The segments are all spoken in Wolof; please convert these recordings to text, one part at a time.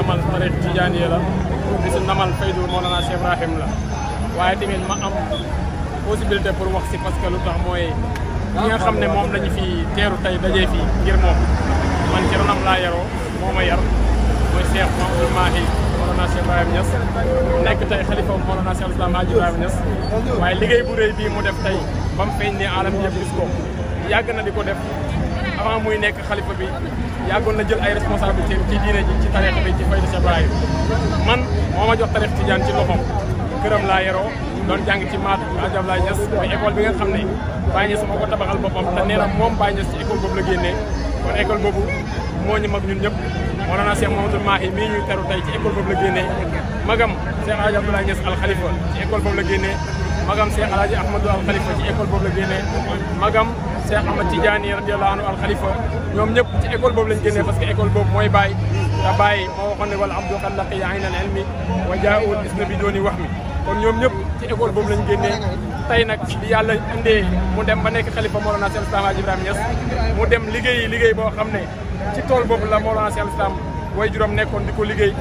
namal tariq tijaaniya la bisu namal faydu Mawlana Cheikh Ibrahim la waaye tamit ma am possibilité pour wax si parce que lu tax mooy ñi nga xam ne moom lañu fi teeru tey dajee fii ngir moom man ci ronam laa yaroo moo ma yar mooy Cheikh Mamadou Mahi Mawlana Cheikh Ibrahim Niass nekk tey xalifa Mawlana Cheikh Islam Hadji Ibrahim Niass waaye liggéey bu réy bii mu def tey ba mu feeñ ne alam yëpp gis ko yàgg na di ko def avant muy nekk xalifa bi yàggoon na jël ay responsabilité ci diine ji ci tariix bi ci fayda Cheikh Ibrahim man moo ma jox tariix Tijaan ci loxoom këram laa yeroo doon jàng ci maat ajab laa ñes mooy école bi nga xam ne Baye Niass moo ko tabaxal boppam te nee na moom Baye Niass ci école boobu la génnee kon école boobu moo ñu mag ñun ñëpp moo doon Cheikh Mamadou Mahi mii ñuy teru ci école boobu la génnee magam Cheikh Alhaji Abdoulaye Niass Al ci école boobu la génnee magam Cheikh Alhaji Ahmadou Al Khalifa ci école la génnee magam Cheikh Ahmad Tidiane radiyallahu anhu al Khalifa ñoom ñëpp ci école boobu lañ génnee parce que école boobu mooy Baye te Baye moo waxoon ne wala abdu qad laqiya ilmi wa jaa'u al ismi wax mi kon ñoom ñëpp ci école boobu lañ génnee tey nag bi yàlla indee mu dem ba nekk Khalifa Mawlana Cheikh Islam Hadji Ibrahima Niass mu dem liggéeyi liggéey boo xam ne ci tool boobu la Mawlana Cheikh Islam way juróom nekkoon di ko liggéey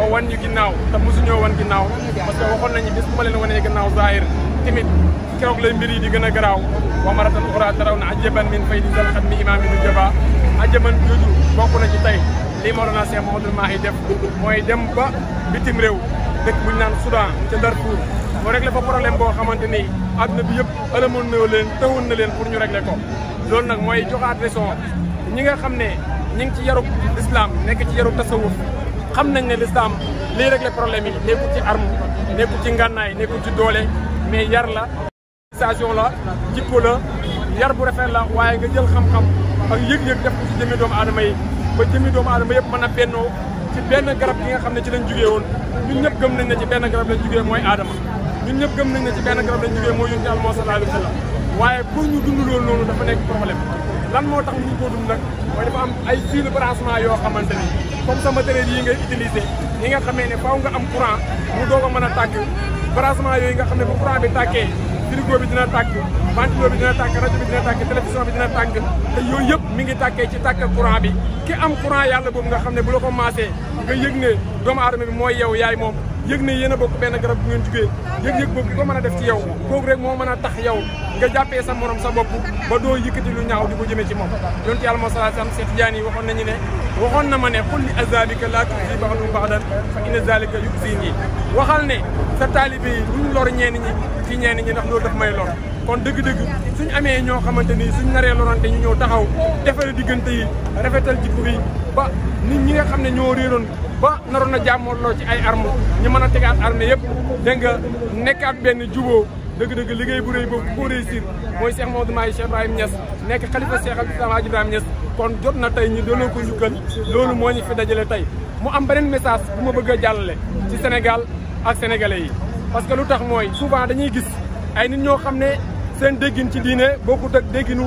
ba wan ñu ginnaaw te mosuñoo wan ginnaaw parce que waxoon nañu bis bu yi di gën a garaaw wa maratan uxra taraw na ajaban min fay di dal xat mi imaam yi jaba ajaban jooju bokk na ci tey lii Mawlana Cheikh Mouhamadoul Mahi def mooy dem ba bitim réew dëkk bu ñu naan Soudan ca Darfour mu réglé fa problème boo xamante ni àdduna bi yëpp ëlëmoon na leen tëwoon na leen pour ñu réglé ko lool nag mooy joxaat leçon ñi nga xam ne ñi ngi ci yarub l'islam nekk ci yarub tasawuf xam nañ ne l'islam lii réglé problème yi ci arme nekkul ci ngànnaay nekk ci doole mais yar la station la jikko la yar bu rafet la waaye nga jël xam-xam ak yëg-yëg def ko ci jëmmi doomu aadama yi ba jëmmi doomu aadama yëpp mën a bennoo ci garab gi nga xam ne ci lañ jugee woon ñun ñëpp gëm nañ ne ci benn garab lañ jugee mooy aadama ñun ñëpp gëm nañ ne ci benn garab lañ jugee mooy yonent Yàlla moo sallallahu alayhi wa sallam waaye pour ñu dund loolu noonu dafa nekk problème lan moo tax ñu ko dund nag mooy dafa am ay fil branchement yoo xamante ni comme sa matériel yi ngay utiliser yi nga xamee ne faaw nga am courant mu doog mën a tàkk branchement yooyu nga xam ne bu courant bi frigo bi dina tàkk ventilo bi dina tàkk rajo bi dina tàkk télévision bi dina tàkk te yooyu yëpp mi ngi tàkkee ci tàkk courant bi ki am courant yàlla boobu nga xam ne bu la ko maasee nga yëg ne doomu aadama bi mooy yow yaay moom yëg ne yéen bokk benn garab bu ngeen jugee yëg-yëg boobu ki ko mën a def ci yow kooku rek moo mën a tax yow nga jàppee sa morom sa bopp ba doo yëkkati lu ñaaw di ko jëmee ci moom yonent yàlla moo salaa sam Seex Tijaan yi waxoon nañu ne waxoon na ma ne xul li azabika laa tuzi baxdum baxdan fa inna zalika yubsini waxal ne sa taalibe yi luñ lor ñeen ñi ci ñeen ñi ndax loolu daf may lor kon dëgg-dëgg ñu amee ñoo xamante ni suñ naree lorante ñu ñëw taxaw defare diggante yi rafetal jikko yi ba nit ñi nga xam ne ñoo réeroon ba naroon a jàmmooloo ci ay arme ñu mën a tegaat arme yëpp dégg nga nekkaat benn juboo dëgg-dëgg liggéey bu rëy boobu bu ko réussir mooy Cheikh Maodo Maye Cheikh Ibrahim Niass nekk xalifa Cheikh al Islam Hadji kon jot na tey ñu delloo ko njukkal loolu moo ñu fi dajale tey mu am beneen message bu ma bëgg a jàllale ci Sénégal ak sénégalais yi parce que lu tax mooy souvent dañuy gis ay nit ñoo xam ne seen déggin ci diine bokkut ak dégginu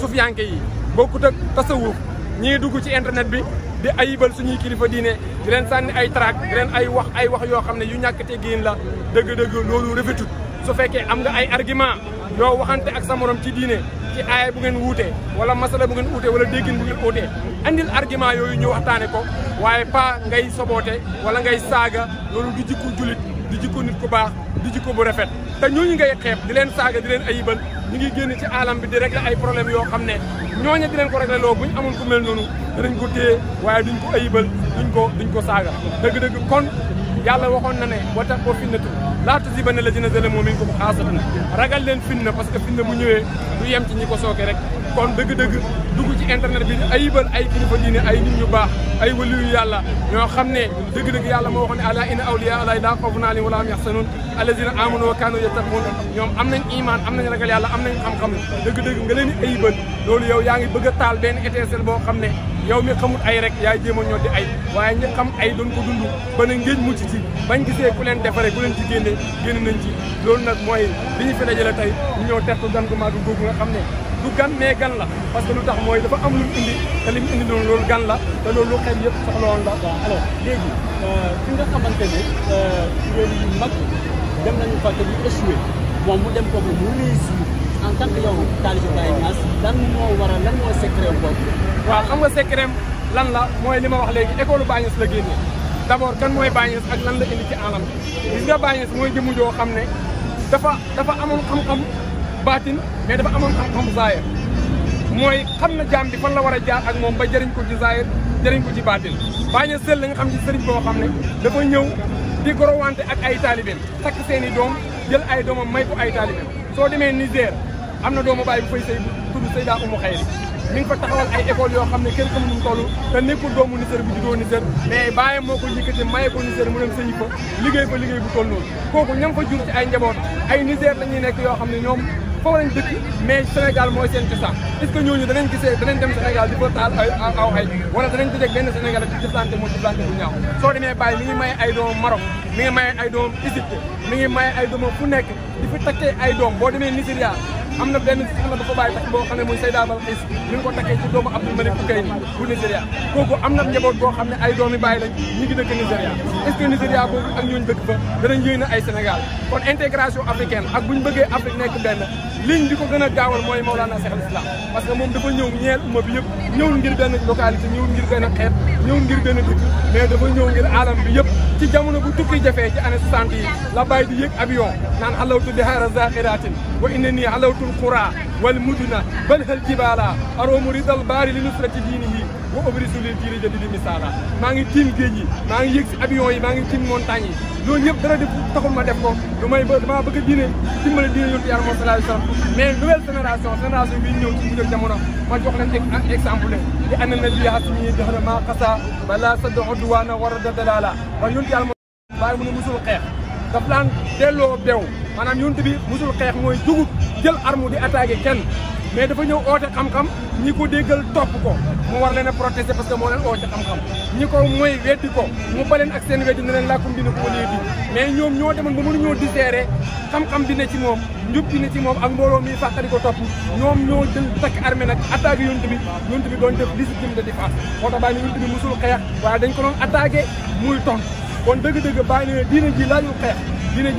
sufiyanke yi bokkut ak tasawuf ñii dugg ci internet bi di ay ayibal suñuy kilifa diine di leen sànni ay tara di leen ay wax ay wax yoo xam ne yu ñàkk teggin la dëgg-dëgg su fekkee am nga ay argument yoo waxante ak sa morom ci diine ci aaya bu ngeen wuutee wala masala bu ngeen wuutee wala déggin bu ngeen wuutee andil argument yooyu ñu waxtaane ko waaye pas ngay soboote wala ngay saaga loolu di jikko jullit di jikko nit ku baax di jikko bu rafet te ñooñu ngay xeeb di leen saaga di leen ayibal ñu ngi génn ci alam bi di régler ay problème yoo xam ne ñooñu di leen ko régler loo buñ amoon ku mel noonu danañ ko téye waaye duñ ko ayibal duñ ko duñ ko saaga dëgg-dëgg kon yàlla waxoon na ne wa taqoo fitnatan laa tusiibanna llaziina zalamu minkum xaasatan ragal leen fitna parce que fitna bu ñëwee du yem ci rek kon dëgg-dëgg dugg ci internet bi ayibal ay kilifa diine ay nit ñu baax ay waliyu yàlla ñoo xam ne dëgg-dëgg yàlla moo waxoon ne alaa inna awliyaa llaahi laa xawfun alayhim wa laa hum yaxzanuun allaziina aamanu wa ñoom am nañ iman am nañ ragal yàlla am nañ xam-xam dëgg-dëgg nga leen di ayibal loolu yow yaa ngi bëgg a taal benn étincelle boo xam ne yow mi xamul ay rek yaay jéem a ñoo di ay waaye ñi xam ay doon ko dund ba na ngéej mucc ci bañ gisee ku leen defaree ku leen ci génne génn nañ ci loolu nag mooy li ñu fi dajale tey ñu ñëw teg ko gan gu maag googu nga xam ne du gan mais gan la parce que lu tax mooy dafa am lu mu indi te indi loolu gan la te loolu lu xel yëpp soxla woon la alors léegi euh, fi nga xamante ne euh, kuréel yu mag dem nañu fa te ñu échoué moom mu dem foofu mu réussir en tant que yow taalibe Baye Niass lan moo waral lan xam nga secret lan la mooy li ma wax léegi école Baye Niass la génne d' abord kan mooy Baye Niass ak lan la indi ci alam bi. gis nga Baye Niass mooy jëmm xam ne dafa dafa amoon xam-xam baatin mais dafa amoon xam-xam zaahir mooy xam na jaam bi fan la war a jaar ak moom ba jëriñ ko ci zaahir jëriñ ko ci baatin Baye Niass seul la nga xam ci sëriñ boo xam ne dafa ñëw di gorowante ak ay taalibeem takk seen i doom jël ay doomam may ko ay taalibeem soo demee Niger. am na doomu bàyyi bu fay sëy tudd Seyda Oumou Khayri mi ngi fa taxawal ay école yoo xam ne kenn xamul nu mu toll te nekkul doomu Niger bu juddoo Niger mais bàyyam moo ko yëkkati maye ko Niger mu dem sëyi fa liggéey fa liggéey bu toll kooku ña fa jur ci ay njaboot ay Niger la ñuy nekk yoo xam ne ñoom foofu lañ dëkk mais Sénégal mooy seen cosaan est-ce que ñooñu danañ gisee danañ dem Sénégal di fa taal ay aw xay wala danañ ko jeg benn Sénégal demee bàyyi di fi takkee ay am na benn soxna dafa bàyyi takk boo xam ne muy Seyda Balxiis mi ko takkee ci doomu Abdul Malik Koukay ni bu Nigéria kooku am na njaboot boo xam ne ay doomi bàyyi lañ ñi ngi dëkk Nigéria est-ce que ak ñooñu dëkk fa danañ yëy na ay Sénégal kon intégration africaine ak buñ bëggee Afrique nekk benn liñ di ko gën a gaawal mooy Mawlana Cheikh al Islam parce que moom dafa ñëw ñeel umma bi yëpp ñëwul ngir benn localité ñëwul ngir benn xeet ñëwul ngir benn mais dafa ñëw ngir alam bi yëpp ci jamono bu tukki jafee ci année yi la bàyyi di yëg القرى والمدن بل هل جبالا أرو مريد الباري لنصرة دينه وأبرز للجيل الجديد مثالا maa ngi tiim géej yi maa ngi yëg si avion yi maa ngi tiim montagne yi loolu yëpp dara def taxul ma def ko lu may damaa bëgg a diine dimbale diine yontu yàlla moom sallallahu alayhi wa sallam mais nouvelle génération génération bi ñëw ci mujj ak jamono ma jox leen ci exemple di anal na li hasmi dahra ma qasa bala saddu udwana warada dalala wa yontu yàlla moom bàyyi mu ne musul xeex daf daan delloo bew maanaam yonent bi musul xeex mooy dugub jël arme di attaqué kenn mais dafa ñëw oote xam-xam ñi ko déggal topp ko mu war leen a protester parce que moo leen oote xam-xam ñi ko mooy weddi ko mu baleen ak seen weddi ne leen làkkum dina ko lii di mais ñoom ñoo demoon ba mënuñoo digérer xam-xam bi ne ci moom njub bi ne ci moom ak mbooloo mi fàq di ko topp ñoom ñoo jël takk armée nag attaqué yonent bi yonent bi doon def légitime de défense moo tax baa ni yonent ko doon attaqué muy tontu kon dëgg-dëgg bàyyi ne diine ji laajul xeex diine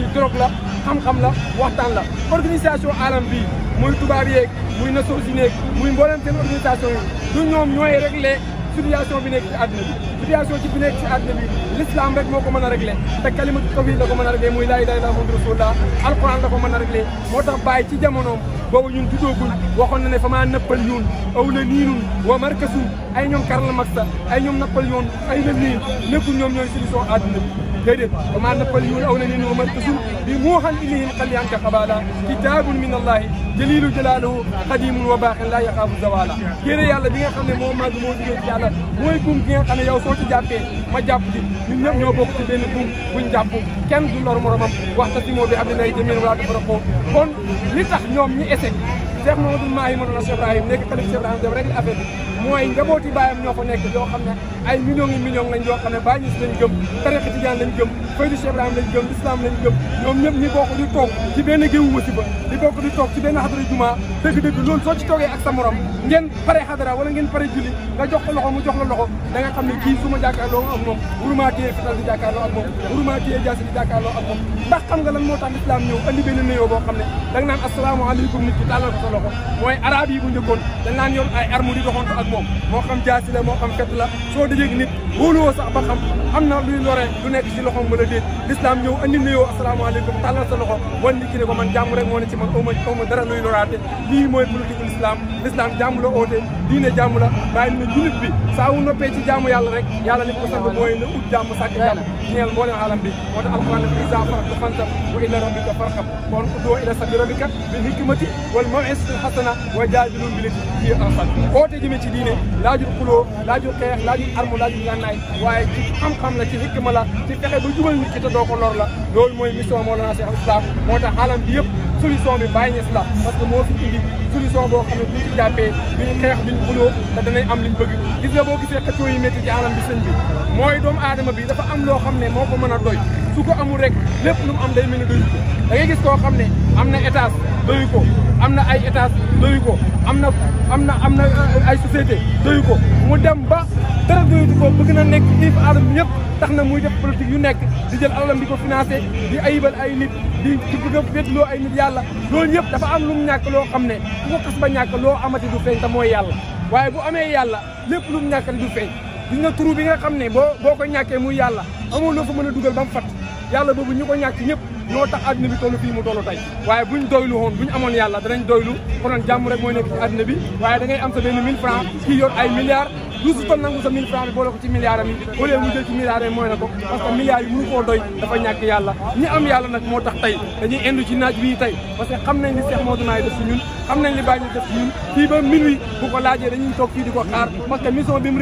la xam-xam la waxtaan la organisation alam bi muy tubaab yeeg muy Nations Unies muy mboolem seen organisation yi du ñoom ñooy le situation bi nekk ci àdduna bi situation ci bi nekk ci àdduna bi l'islam rek moo ko mën a réglé te kalimatu tawhid la ko mën a réglé muy laa ilaaha illallaah muhammadu rasulullah alquran la ko mën a réglé moo tax bàyyi ci jamonoom boobu ñun juddóogul waxoon na ne fa maa nappal ñun aw la niinun wa markasu ay ñoom Karl Marx ay ñoom nappal ay la niin nekkul ñoom ñooy solution àdduna bi déedéet wamaa nafalihun aw na nin wa man usul bi muuxan ilihil xaliyanka xabaala kitaabun min allahi jalilu jalaaluhu xadimun wa baaxin laa yaxaafu zawaala téere yàlla bi nga xam ne moo màgg moo jugee ci yàlla mooy buum nga xam ne yow soo ci jàppee ma jàpp ci ñun ñëpp ñoo bokk ci benn buum buñ jàpp kenn du lor moromam waxta si moo bi am dinay jameen walaa dafara koo kon li tax ñoom ñi ese Cheikh Mamadou Mahi Madouna Cheikh Ibrahim nekk mooy njabooti baayam ñoo fa nekk yoo xam ne ay millions yi millions lañ xam ne bàyyi gis lañ gëm tarixa tijaan lañ gëm faydu Cheikh Ibrahima lañ gëm lislaam lañ gëm ñoom ñëpp ñi di toog ci benn géewu wasiba di bokk di toog ci benn xadara jumaa dëgg-dëgg loolu soo ci toogee ak sa ngeen pare xadara wala ngeen pare julli nga jox loxo mu jox loxo da nga xam ne kii su ndax xam nga lan moo tax lislaam ñëw andi benn nuyoo boo xam ne da nga naan asalaamaaleykum nit moom moo xam jaasi moo xam fett soo dajee nit wóoluwoo sax ba xam am na luy lore lu nekk ci loxoom mën a déet l'islam ñëw andi nuyoo asalaamaaleykum tàllal sa loxo wan nit ki ne ko man jàmm rek moo ci man aw ma aw ma dara luy loraate lii mooy politique l'islam l'islam jàmm la oote diine jàmm la waaye ne jullit bi saa wu noppee ci jàmm yàlla rek yàlla li ko sant mooy na ut jàmm sàkk jàmm bi hikmati wal maw'izati hasana wa diine laajul xuloo laajul xeex laajul arme laajul ngànnaay waaye ci xam-xam la ci xikma la ci fexe ba jubal nit ki te doo ko lor la loolu mooy mission Mawlana Cheikh Islam moo tax alam bi yëpp solution bi bàyyi ñes la parce que moo fi indi solution boo xam ne duñ ci jàppee duñ xeex duñ xuloo te danañ am liñ bëgg gis nga bi dafa am loo xam ne moo ko mën a doy su ko amul rek lépp lu mu am day mel ni doyu xam ne am na étage doyu ko am na ay étage doyu ko am na am na am na euh, ay société doyu ko mu dem ba dara doyutu ko bëgg na nekk xiif aadam bi yëpp tax na muy def politique yu nekk di jël alalam di ko financé di ayibal ay nit di di bëgg ay nit yàlla loolu yëpp dafa am lu mu ñàkk loo xam ne ku ko xas ba ñàkk loo amati du feeñ te mooy yàlla waaye bu amee yàlla lépp lu mu ñàkk du feeñ gis nga bi nga xam ne boo boo ko ñàkkee muy yàlla amul loo mën a dugal ba mu fat yàlla boobu ñu ko ñàkk ñëpp ñoo tax àddina bi tollu fii mu tollu tey waaye bu doylu woon buñ amoon yàlla danañ doylu konoon jàmm rek mooy nekk ci àddina bi waaye da am sa benn mille kii yor ay milliards lu si toon nangu sa mille francs bi ci milliards am yi au ci milliards yi mooy na ko parce koo doy dafa ñàkk yàlla ñi am yàlla nag moo tax tey dañuy indu ci naaj bii tey parce que xam nañ li Cheikh Modou Maye def si ñun xam nañ li bàyyi def si ñun fii bu ko laajee dañuy toog fii di ko xaar parce que mission bi mu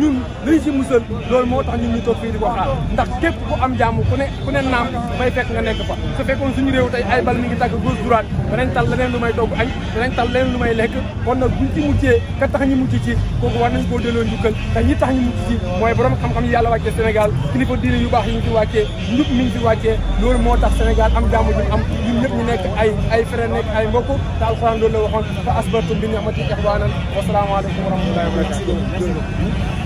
ñun liñ si musal loolu moo tax ñun ñu toog fii di ko xaar ndax képp ku am jàmm ku ne ku ne naam may fekk nga nekk fa su fekkoon suñu réew tey ay bal mi ngi tàkk gauche droite danañ tal leneen lu may togg añ danañ tal leneen lu may lekk kon nag buñ ci muccee ka tax ñu mucc ci kooku war nañ koo delloo njukkal te ñi tax ñu mucc ci mooy borom xam-xam yi yàlla wàccee Sénégal kilifa diine yu baax yi ñu fi wàccee ñëpp mi fi wàccee loolu moo tax Sénégal am jàmm am ñun ñëpp ñu nekk ay ay frère nekk ay mbokk te alxuraan bi ni'mati wa salaamu aleykum wa rahmatullahi